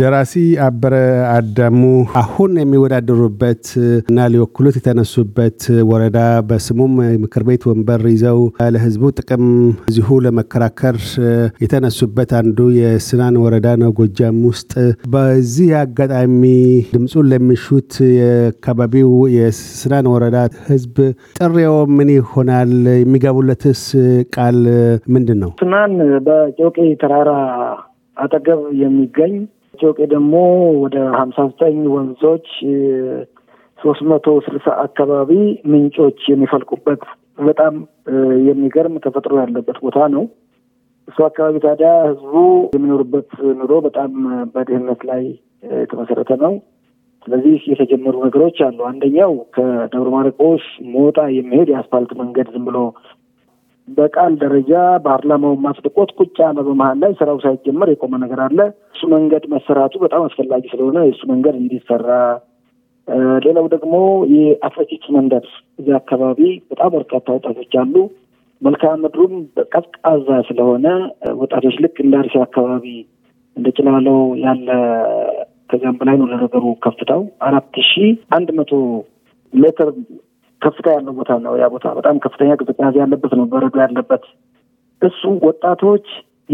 ደራሲ አበረ አዳሙ አሁን የሚወዳደሩበት እና ሊወክሉት የተነሱበት ወረዳ በስሙም ምክር ቤት ወንበር ይዘው ለህዝቡ ጥቅም እዚሁ ለመከራከር የተነሱበት አንዱ የስናን ወረዳ ነው፣ ጎጃም ውስጥ። በዚህ አጋጣሚ ድምፁን ለሚሹት የአካባቢው የስናን ወረዳ ህዝብ ጥሬው ምን ይሆናል? የሚገቡለትስ ቃል ምንድን ነው? ስናን በጮቄ ተራራ አጠገብ የሚገኝ ኢትዮጵያ ደግሞ ወደ ሀምሳ ዘጠኝ ወንዞች ሶስት መቶ ስልሳ አካባቢ ምንጮች የሚፈልቁበት በጣም የሚገርም ተፈጥሮ ያለበት ቦታ ነው። እሱ አካባቢ ታዲያ ህዝቡ የሚኖርበት ኑሮ በጣም በድህነት ላይ የተመሰረተ ነው። ስለዚህ የተጀመሩ ነገሮች አሉ። አንደኛው ከደብረ ማርቆስ ሞጣ የሚሄድ የአስፋልት መንገድ ዝም ብሎ በቃል ደረጃ ፓርላማው ማስደቆት ቁጭ ያለ በመሀል ላይ ስራው ሳይጀመር የቆመ ነገር አለ። እሱ መንገድ መሰራቱ በጣም አስፈላጊ ስለሆነ የእሱ መንገድ እንዲሰራ፣ ሌላው ደግሞ የአትሌቲክስ መንደር እዚህ አካባቢ በጣም በርካታ ወጣቶች አሉ። መልክዓ ምድሩም ቀዝቃዛ ስለሆነ ወጣቶች ልክ እንደ አርሲ አካባቢ እንደ ጭላለው ያለ ከዚያም በላይ ነው ለነገሩ ከፍታው አራት ሺህ አንድ መቶ ሜትር ከፍታ ያለው ቦታ ነው። ያ ቦታ በጣም ከፍተኛ ቅዝቃዜ ያለበት ነው፣ በረዶ ያለበት እሱ ወጣቶች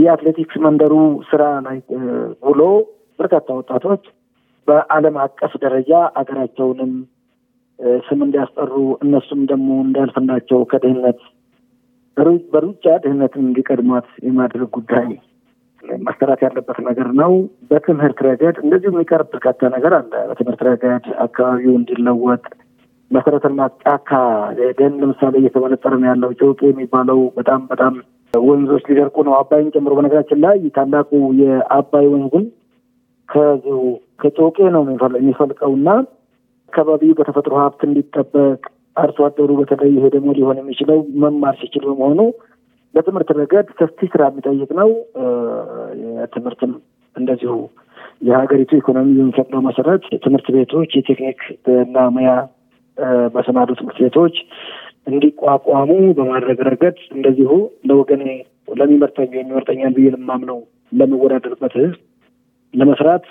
የአትሌቲክስ መንደሩ ስራ ላይ ውሎ በርካታ ወጣቶች በዓለም አቀፍ ደረጃ አገራቸውንም ስም እንዲያስጠሩ እነሱም ደግሞ እንዳልፍናቸው ከድህነት በሩጫ ድህነትን እንዲቀድሟት የማድረግ ጉዳይ መሰራት ያለበት ነገር ነው። በትምህርት ረገድ እንደዚሁ የሚቀርብ በርካታ ነገር አለ። በትምህርት ረገድ አካባቢው እንዲለወጥ መሰረተ ልማት ጫካ ደን ለምሳሌ እየተመነጠረ ነው ያለው። ጨውቄ የሚባለው በጣም በጣም ወንዞች ሊደርቁ ነው፣ አባይን ጨምሮ። በነገራችን ላይ ታላቁ የአባይ ወንዝም ከዚሁ ከጨውቄ ነው የሚፈልቀው እና አካባቢው በተፈጥሮ ሀብት እንዲጠበቅ አርሶ አደሩ በተለይ ይሄ ደግሞ ሊሆን የሚችለው መማር ሲችል በመሆኑ በትምህርት ረገድ ሰፊ ስራ የሚጠይቅ ነው። ትምህርትም እንደዚሁ የሀገሪቱ ኢኮኖሚ የሚፈቅደው መሰረት ትምህርት ቤቶች የቴክኒክ እና ሙያ መሰናዶ ትምህርት ቤቶች እንዲቋቋሙ በማድረግ ረገድ እንደዚሁ ለወገኔ ለሚመርጠኝ የሚመርጠኛል ብዬ ለማምነው ለምወዳደርበት ለመስራት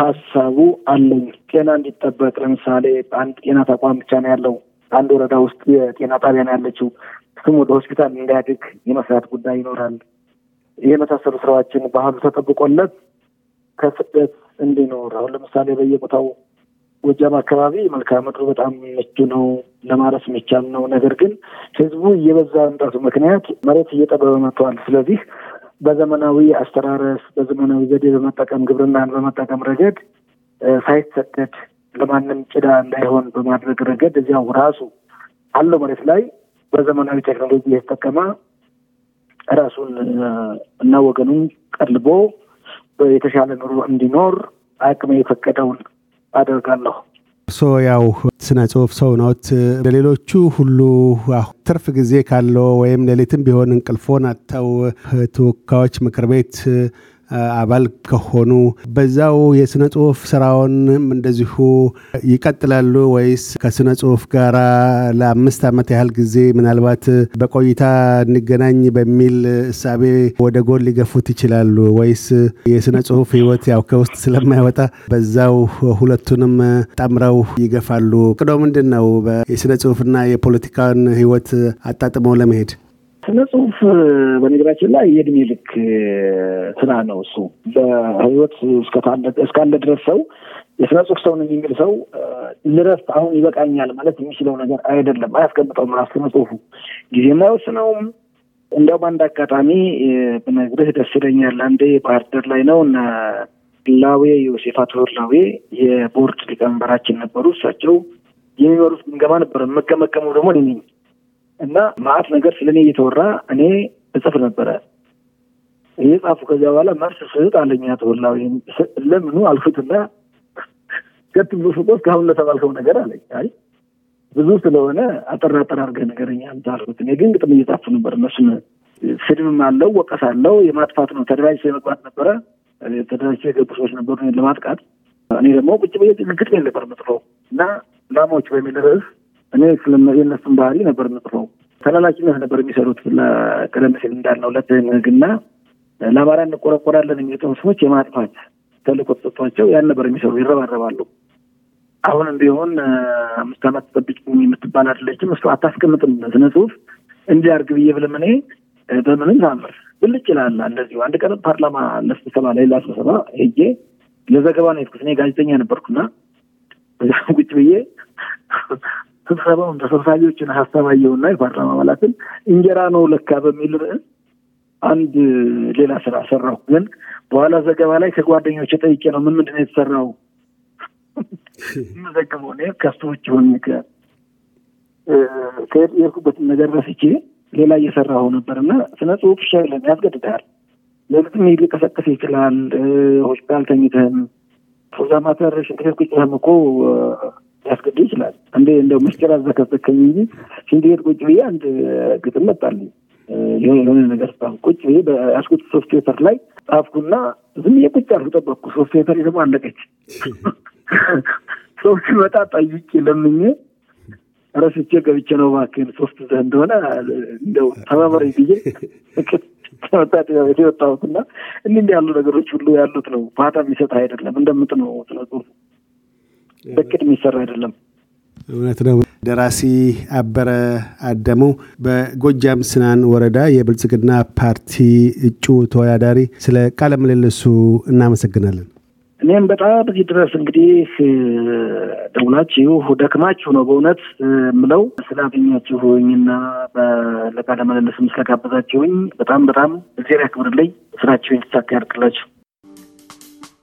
ሀሳቡ አለኝ። ጤና እንዲጠበቅ ለምሳሌ አንድ ጤና ተቋም ብቻ ነው ያለው። አንድ ወረዳ ውስጥ የጤና ጣቢያ ነው ያለችው። ስም ወደ ሆስፒታል እንዳያድግ የመስራት ጉዳይ ይኖራል። የመሳሰሉ ስራዎችን ባህሉ ተጠብቆለት ከስደት እንዲኖር አሁን ለምሳሌ በየቦታው ጎጃም አካባቢ መልክዓ ምድሩ በጣም ምቹ ነው፣ ለማረስ የሚቻል ነው። ነገር ግን ህዝቡ እየበዛ መምጣቱ ምክንያት መሬት እየጠበበ መጥተዋል። ስለዚህ በዘመናዊ አስተራረስ በዘመናዊ ዘዴ በመጠቀም ግብርናን በመጠቀም ረገድ ሳይሰደድ ለማንም ጭዳ እንዳይሆን በማድረግ ረገድ እዚያው ራሱ አለው መሬት ላይ በዘመናዊ ቴክኖሎጂ የተጠቀመ ራሱን እና ወገኑን ቀልቦ የተሻለ ኑሮ እንዲኖር አቅም የፈቀደውን አደርጋለሁ። እርሶ ያው ስነ ጽሁፍ ሰው ነዎት። ለሌሎቹ ሁሉ ትርፍ ጊዜ ካለው ወይም ሌሊትም ቢሆን እንቅልፎን አጥተው ተወካዮች ምክር ቤት አባል ከሆኑ በዛው የስነ ጽሁፍ ስራውንም እንደዚሁ ይቀጥላሉ ወይስ ከስነ ጽሁፍ ጋር ለአምስት ዓመት ያህል ጊዜ ምናልባት በቆይታ እንገናኝ በሚል እሳቤ ወደ ጎን ሊገፉት ይችላሉ ወይስ የስነ ጽሁፍ ህይወት ያው ከውስጥ ስለማይወጣ በዛው ሁለቱንም ጠምረው ይገፋሉ? ቅዶ ምንድን ነው የስነ ጽሁፍና የፖለቲካን ህይወት አጣጥመው ለመሄድ ስነ ጽሁፍ በነገራችን ላይ የእድሜ ልክ ስራ ነው። እሱ በህይወት እስካለ ድረስ ሰው የስነ ጽሁፍ ሰውን የሚል ሰው ልረፍት አሁን ይበቃኛል ማለት የሚችለው ነገር አይደለም፣ አያስቀምጠውም። ራሱ ስነ ጽሁፉ ጊዜም አይወስነውም። እንዲያው አንድ አጋጣሚ ብነግርህ ደስ ይለኛል። አንዴ ባህር ዳር ላይ ነው እና ላዌ ዮሴፍ አቶ ላዌ የቦርድ ሊቀመንበራችን ነበሩ። እሳቸው የሚመሩት ግምገማ ነበረ። መቀመቀመው ደግሞ እኔ ነኝ። እና ማአት ነገር ስለእኔ እየተወራ እኔ እጽፍ ነበረ እየጻፉ ከዚያ በኋላ መርስ ስጥ አለኛ ተወላ ለምኑ አልኩትና ገት ብሎ ስጦ እስካሁን ለተባልከው ነገር አለኝ አይ ብዙ ስለሆነ አጠራ አጠራ አድርገህ ንገረኝ አንተ እኔ ግን ግጥም እየጻፉ ነበር እነሱም ስድብም አለው ወቀስ አለው የማጥፋት ነው ተደራጅ የመግባት ነበረ ተደራጅ የገቡ ሰዎች ነበሩ ለማጥቃት እኔ ደግሞ ቁጭ ብዬ ግጥም ነበር ምጽፈው እና ላሞች በሚል ርዕስ እኔ ስለነዚ እነሱን ባህሪ ነበር ምጽፈው። ተላላኪነት ነበር የሚሰሩት። ቀደም ሲል እንዳልነው ለትህነግና ለአማራ እንቆረቆራለን የሚሉትን ሰዎች የማጥፋት ተልእኮ ተሰጥቷቸው ያን ነበር የሚሰሩ። ይረባረባሉ። አሁንም ቢሆን አምስት ዓመት ጠብቂ የምትባል አይደለችም። እሱ አታስቀምጥም ስነ ጽሁፍ እንዲህ አድርግ ብዬ ብልም እኔ በምንም ታምር ብልጭ ይላል። እንደዚሁ አንድ ቀን ፓርላማ ለስብሰባ ለሌላ ስብሰባ ሄጄ ለዘገባ ነው የሄድኩት። እኔ ጋዜጠኛ ነበርኩና በዚያም ቁጭ ብዬ ስብሰባውን ተሰብሳቢዎችን ሀሳብ አየውና የፓርላማ አባላትን እንጀራ ነው ለካ በሚል ርዕስ አንድ ሌላ ስራ ሰራሁ። ግን በኋላ ዘገባ ላይ ከጓደኞች ጠይቄ ነው ምን ምንድን ነው የተሰራው የምዘግበው እኔ ከስቶች ሆን ከሄድኩበትን ነገር በስቼ ሌላ እየሰራሁ ነበር እና ስነ ጽሁፍ ሻለን ያስገድዳል። ለግጥም ሊቀሰቅስ ይችላል። ሆስፒታል ተኝተን ዛ ማተር ቁጭ ተምኮ ሊያስገድ ይችላል። እንደ እንደው ምስጢር አዘከዘከኝ እንጂ ሽንት ቤት ቁጭ ብዬ አንድ ግጥም መጣልኝ። የሆነ ነገር ጻፍ ቁጭ ብዬ በያዝኩት ሶፍት ፔፐር ላይ ጻፍኩና ዝም ብዬ ቁጭ አልኩ፣ ጠበቅኩ። ሶፍት ፔፐር ደግሞ አለቀች። ሰው ሲመጣ ጠይቄ ለምኜ ረስቼ ገብቼ ነው እባክህን ሶፍት ዘህ እንደሆነ እንደው ተባበረኝ ብዬ ወጣሁትና እንዲህ ያሉ ነገሮች ሁሉ ያሉት ነው። ፋታ የሚሰጥ አይደለም እንደምጥ ነው ስለ ጽሁፉ በቅድ የሚሰራ አይደለም። እውነት ነው። ደራሲ አበረ አደሙ በጎጃም ስናን ወረዳ የብልጽግና ፓርቲ እጩ ተወዳዳሪ፣ ስለ ቃለ ምልልሱ እናመሰግናለን። እኔም በጣም እዚህ ድረስ እንግዲህ ደውላችሁ ደክማችሁ ነው በእውነት ምለው ስላገኛችሁኝና ለቃለ ምልልስም ስለጋበዛችሁኝ በጣም በጣም እግዜር ያክብርልኝ። ስራችሁ የተሳካ ያድርግላችሁ።